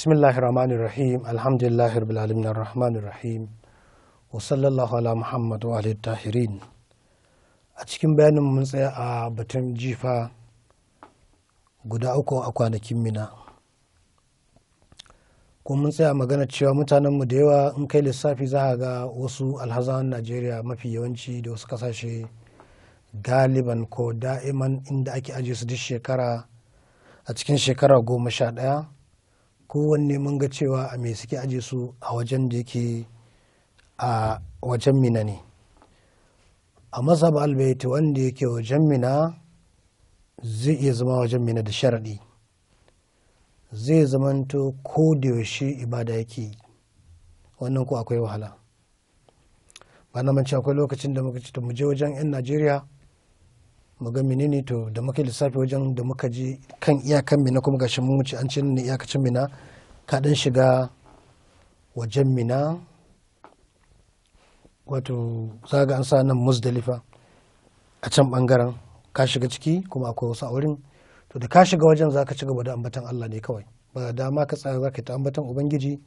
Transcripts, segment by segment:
bismillahir rahmanir rahim alhamdulillahi rabbil alamin arrahmanir rahim wa sallallahu ala muhammad wa alihi tahirin a cikin bayanin mun tsaya a batun jifa guda uku a kwanakin mina ko mun tsaya magana cewa mutanen mu da yawa in kai lissafi za ga wasu alhazan najeriya mafi yawanci da wasu kasashe galiban ko da'iman inda ake ajiye su duk shekara a cikin shekara goma sha ɗaya kowanne mun ga cewa a me suke aje su a wajen da yake a wajen mina ne a mazhab albaiti wanda yake wajen mina zai iya zama wajen mina da sharaɗi zai zamanto ko da yaushe ibada yake wannan ko akwai wahala ba na manci akwai lokacin da muka ci mu je wajen 'yan najeriya mu ga menene to da muka lissafi wajen da muka ji kan iyakan mina kuma gashi mun wuce an ce ne iyakacin mina ka dan shiga wajen mina wato zaga an sa nan musdalifa a can bangaren ka shiga ciki kuma akwai wasu a wurin to da ka shiga wajen zaka ci gaba da ambatan Allah ne kawai ba da dama ka tsaya zaka ta ambatan ubangiji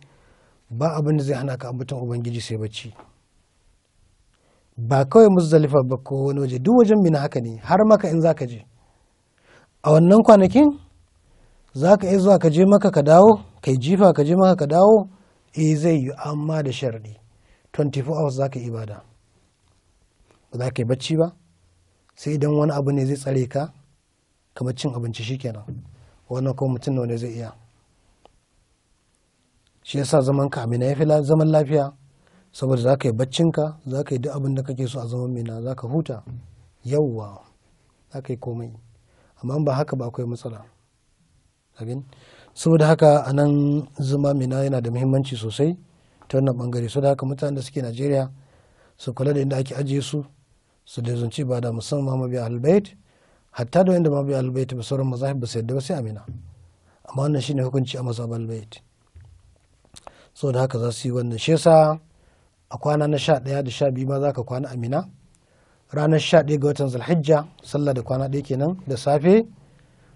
ba abin da zai hana ka ambatan ubangiji sai bacci ba kawai muzdalifa ba ko wani waje duk wajen mina haka ne har maka in zaka je a wannan kwanakin za ka iya zuwa ka je maka ka dawo ka jifa ka je maka ka dawo eh zai yi amma da sharadi 24 hours za ka ibada ba za ka yi bacci ba sai idan wani abu ne zai tsare ka kamar cin abinci shi kenan. wannan kuma mutum ne zai iya shi yasa zaman ka amina ya fi zaman lafiya saboda za ka yi baccinka za ka yi duk abin da kake so a zaman mina za ka huta yawwa za ka yi komai amma ba haka ba akwai matsala saboda haka a nan zama mina yana da muhimmanci sosai ta wannan bangare saboda haka mutanen da suke najeriya su kula da inda ake ajiye su su da zunci ba da musamman mabiya albayt hatta da wanda mabiya albayt ba sauran mazahib ba su yadda ba sai amina amma wannan shine hukunci a mazhabal bayt saboda haka za su yi wannan shesa. a kwana na sha ɗaya da sha biyu ma za ka kwana amina ranar sha ɗaya ga watan zalhijja sallah da kwana ɗaya kenan da safe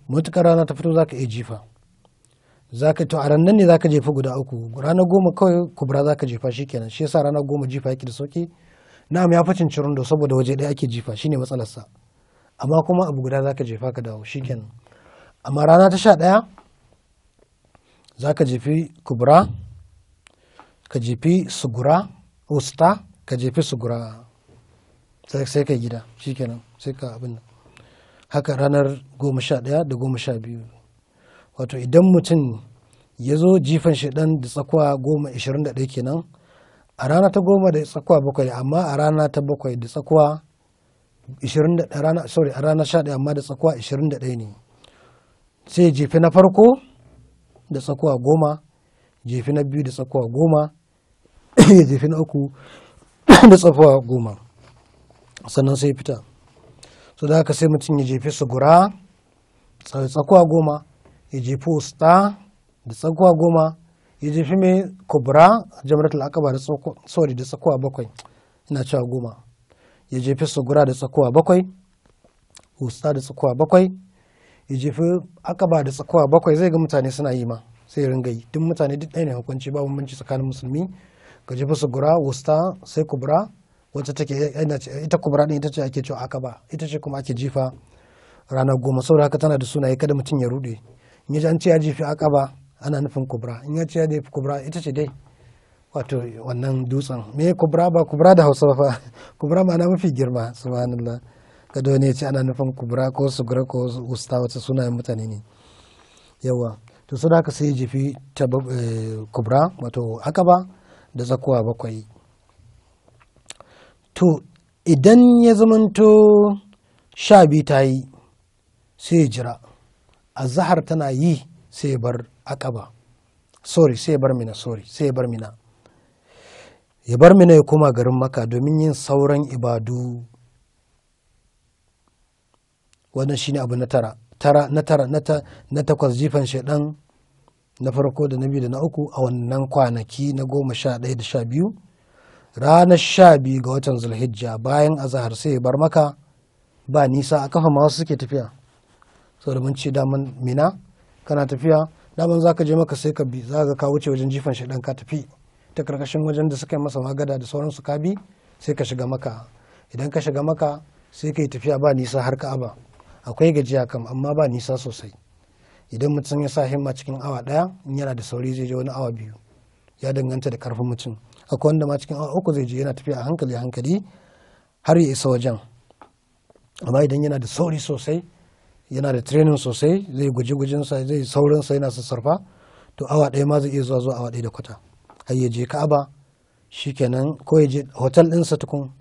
matuƙar rana ta fito za ka iya jifa za ka to a ranar ne za ka jefa guda uku ranar goma kawai kubra za ka jefa shi kenan shi yasa ranar goma jifa yake da sauki na'am ya facin da saboda waje ɗaya ake jifa shine matsalarsa amma kuma abu guda za ka jefa ka dawo shi kenan amma rana ta sha ɗaya za ka jefi kubra ka jefi sugura usta ka jefe su gura sai ka gida shikenan sai ka abin haka ranar goma sha ɗaya da goma sha biyu wato idan mutum ya zo jifan shi ɗan da tsakuwa goma ishirin da ɗaya kenan a rana ta goma da tsakuwa bakwai amma a rana ta bakwai da tsakuwa ishirin da rana sorry a rana sha ɗaya amma da tsakuwa ishirin da ɗaya ne sai jefe na farko da tsakuwa goma jefe na biyu da tsakuwa goma ya jefi na uku da tsafuwa goma sannan sai fita so da haka sai mutum ya jefi sugura tsakuwa goma ya jefi usta da tsakuwa goma ya jefi mai kubra jamratul akaba da tsori da tsakuwa bakwai ina cewa goma ya jefi gura da tsakuwa bakwai usta da tsakuwa bakwai ya jefi akaba da tsakuwa bakwai zai ga mutane suna yi ma sai ringa yi duk mutane duk ɗaya ne hukunci ba bambanci tsakanin musulmi ka ji musu sugura wusta sai kubra wacce take ita kubra din ita ce ake cewa akaba ita ce kuma ake jifa ranar goma saboda haka tana da sunaye kada mutum ya rude in ya ji an ce ya aka ba ana nufin kubra in ya ce ya jefi kubra ita ce dai wato wannan dutsen me kubra ba kubra da hausa ba kubra ma na mafi girma subhanallah kada wani ya ce ana nufin kubra ko sugura ko wusta wacce sunayen mutane ne yawa to sun haka sai jifi ta eh, kubra wato akaba da tsakuwa bakwai to idan ya zamanto sha biyu ta yi sai ya jira azahar tana yi sai ya bar akaba sorry sai ya bar mina sorry sai ya bar mina ya bar mina ya koma garin maka domin yin sauran ibadu wannan shine abu na tara tara na tara na takwas jifan shaidan na farko da na biyu da na uku a wannan kwanaki na goma sha ɗaya da sha biyu ranar sha biyu ga watan zulhijja bayan azahar sai ya bar maka ba nisa a kafa masu suke tafiya saboda da ce daman mina kana tafiya daman ka je maka sai ka bi za ka ka wuce wajen jifan shaidan ka tafi ta karkashin wajen da suka yi masa magada da sauransu ka bi sai ka shiga maka idan ka shiga maka sai ka yi tafiya ba nisa har ka aba akwai gajiya kam amma ba nisa sosai idan mutum ya sa himma cikin awa daya in yana da sauri zai je wani awa biyu ya danganta da karfin mutum akwai wanda ma cikin awa uku zai je yana tafiya a hankali a hankali har ya isa wajen amma idan yana da sauri sosai yana da training sosai zai guji gujinsa zai saurinsa yana sassarfa to awa daya ma zai iya zuwa zuwa awa ɗaya da kwata har ya je ka'aba shikenan ko ya je hotel ɗinsa tukun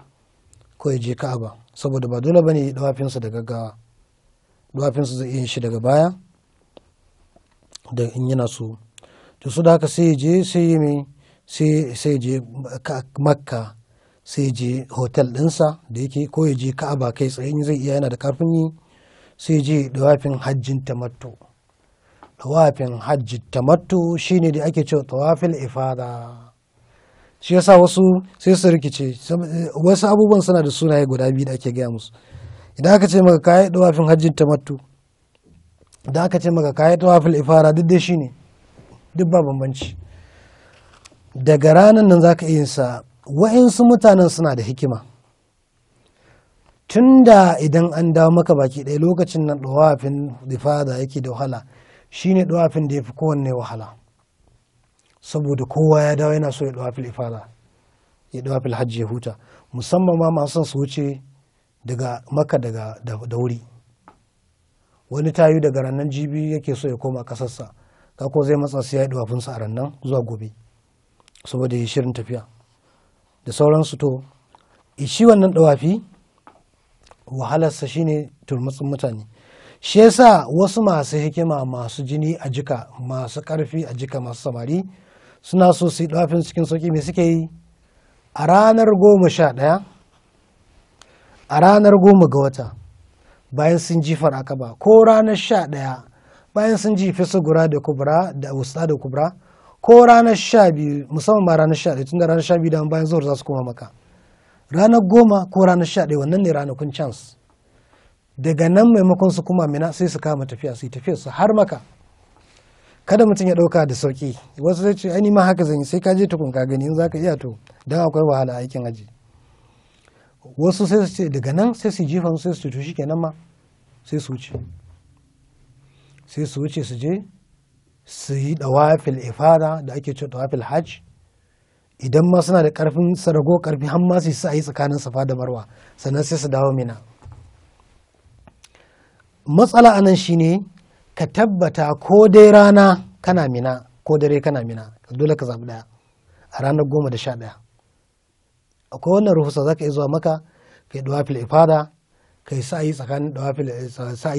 ko ya je ka'aba saboda ba dole bane dawafinsa da gaggawa dawafinsa zai iya shi daga baya da in yana so to su da haka sai je sai yi mai sai je makka sai je hotel dinsa da yake ko ya je ka'aba kai tsaye in zai iya yana da karfin yi sai je dawafin hajjin tamattu dawafin hajji tamattu shine da ake cewa tawafil ifada shi yasa wasu sai su rikice wasu abubuwan suna da sunaye guda biyu da ake gaya musu idan aka ce maka kayi dawafin hajji tamattu da aka ce maka kayi tawafil ifara duk dai ne duk ba bambanci daga ranar nan zaka iya sa wa'insu mutanen suna da hikima tun da idan an dawo maka baki ɗaya lokacin nan ɗawafin ifada yake da wahala shine ɗawafin da ya fi kowanne wahala saboda kowa ya dawo yana so ya ɗawafil ifada ya ɗawafil hajji ya huta musamman ma masu son su wuce daga maka daga da wuri wani tayu daga rannan jibi yake so ya koma kasarsa ka ko zai matsa su ya yi duwafinsa a rannan zuwa gobe saboda ya shirin tafiya da sauransu to shi wannan dawafi wahalarsa shine turmutsin mutane shi yasa wasu masu hikima masu jini a jika masu karfi a jika masu samari suna so su yi dawafin cikin sauki mai suke yi a ranar goma sha ɗaya a ranar goma ga wata bayan sun faraka akaba ko ranar sha ɗaya bayan sun jifi gura da kubra da wusta da kubra ko ranar sha biyu musamman ma ranar sha ɗaya tun da ranar sha biyu da bayan zuwa za su koma maka ranar goma ko ranar sha ɗaya wannan ne ranakun chance daga nan maimakon su kuma mina sai su kama tafiya su yi tafiya su har maka kada mutum ya ɗauka da sauki wasu zai ce ai ma haka zan yi sai ka je tukun ka gani in za ka iya to don akwai wahala aikin aji wasu sai su ce daga nan sai su jifan sai su to shi nan ma sai su wuce sai su wuce su je su yi dawafil ifada da ake cewa dawafil hajj idan ma suna da karfin sarago karfi har ma su yi tsakanin safa da marwa sannan sai su dawo mina matsala a anan shine ka tabbata ko dai rana kana mina ko dare kana mina dole ka zabi daya a ranar goma da sha daya akwai wannan za ka iya zuwa maka kai dawafil ifada kai sa'ayi tsakanin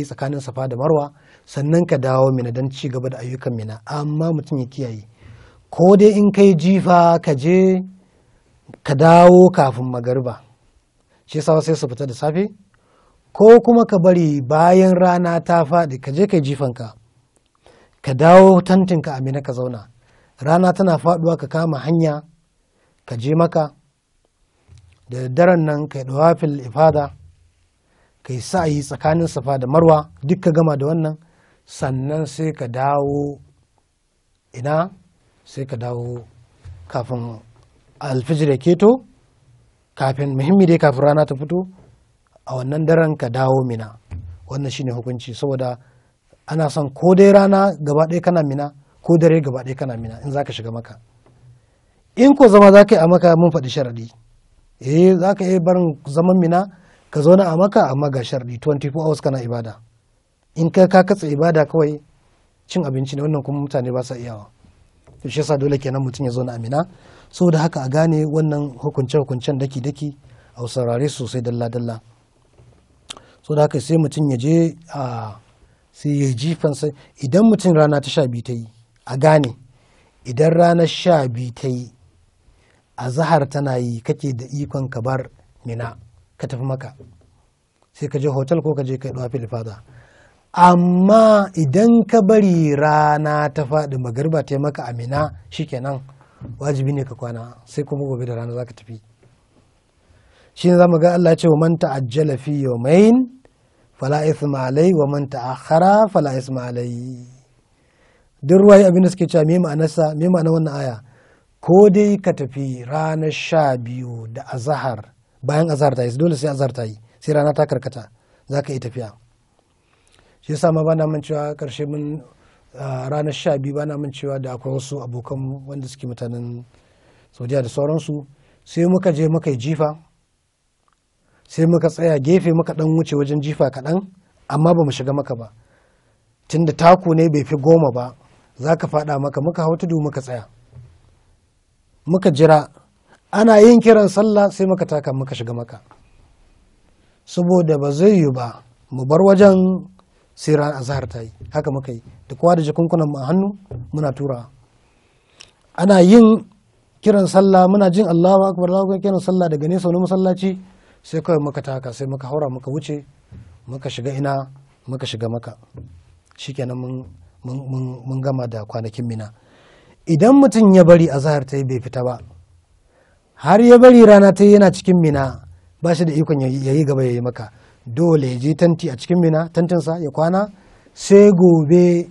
tsakanin safa da marwa sannan ka dawo mina don ci gaba da ayyukan mina amma mutum ya kiyaye ko dai in kai jifa ka je ka dawo kafin magariba shi yasa sai su fita da safe ko kuma ka bari bayan rana ta faɗi ka je ka jifanka ka dawo tantinka a mina ka zauna rana tana faɗuwa ka kama hanya ka je maka da daddaren nan kai dawafil ifada kai sa'ayi tsakanin safa da marwa duk ka gama da wannan sannan sai ka dawo ina sai ka dawo kafin alfijir ya keto kafin muhimmi dai kafin rana ta fito a wannan daren ka dawo mina wannan shine hukunci saboda ana son ko dai rana gaba ɗaya kana mina ko dare gaba ɗaya kana mina in za ka shiga maka in ko zama za ka yi a maka mun faɗi sharaɗi eh za ka iya barin zaman mina ka zauna a maka amma ga sharɗi 24 hours kana ibada in ka ka katse ibada kawai cin abinci ne wannan kuma mutane ba sa iyawa to shi yasa dole kenan mutum ya zauna a mina saboda haka a gane wannan hukunce hukuncen daki daki a saurare sosai dalla dalla saboda haka sai mutum ya je a sai ya jifan idan mutum rana ta sha biyu ta yi a gane idan rana sha biyu ta yi a zahar tana yi kake da ikon ka bar mina ka tafi maka sai ka je hotel ko ka je kai dawa filifada amma idan ka bari rana ta faɗi magariba ta maka a mina shikenan wajibi ne ka kwana sai kuma gobe da rana za ka tafi shi ne za mu ga Allah ce wa man ta'ajjala fi yawmayn fala isma alai wa man ta'akhara fala isma alai duk ruwaye abin da suke cewa me ma'anarsa me ma'anar wannan aya ko dai ka tafi ranar sha biyu da azahar bayan azahar ta yi dole sai azahar ta yi sai rana ta karkata za ka yi tafiya shi yasa ma bana min cewa karshe mun ranar sha biyu bana min cewa da akwai wasu abokan wanda suke mutanen saudiya da sauransu sai muka je muka yi jifa sai muka tsaya gefe muka dan wuce wajen jifa kaɗan amma ba mu shiga maka ba tunda taku ne bai fi goma ba za ka faɗa maka muka hau tudu muka tsaya muka jira ana yin kiran sallah sai muka taka muka shiga maka saboda ba zai yi ba mu bar wajen sai ran zahar ta yi haka muka yi da kowa da jakunkunan mu a hannu muna tura ana yin kiran sallah muna jin Allahu akbar Allahu akbar kiran sallah daga nesa wani masallaci sai kawai muka taka sai muka haura muka wuce muka shiga ina muka shiga maka shikenan mun mun gama da kwanakin mina idan mutum ya bari azahar ta yi bai fita ba har ya bari rana ta yi yana cikin mina ba shi da ikon ya yi gaba ya yi maka dole ya je tanti a cikin mina tantinsa ya kwana sai gobe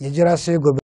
ya jira sai gobe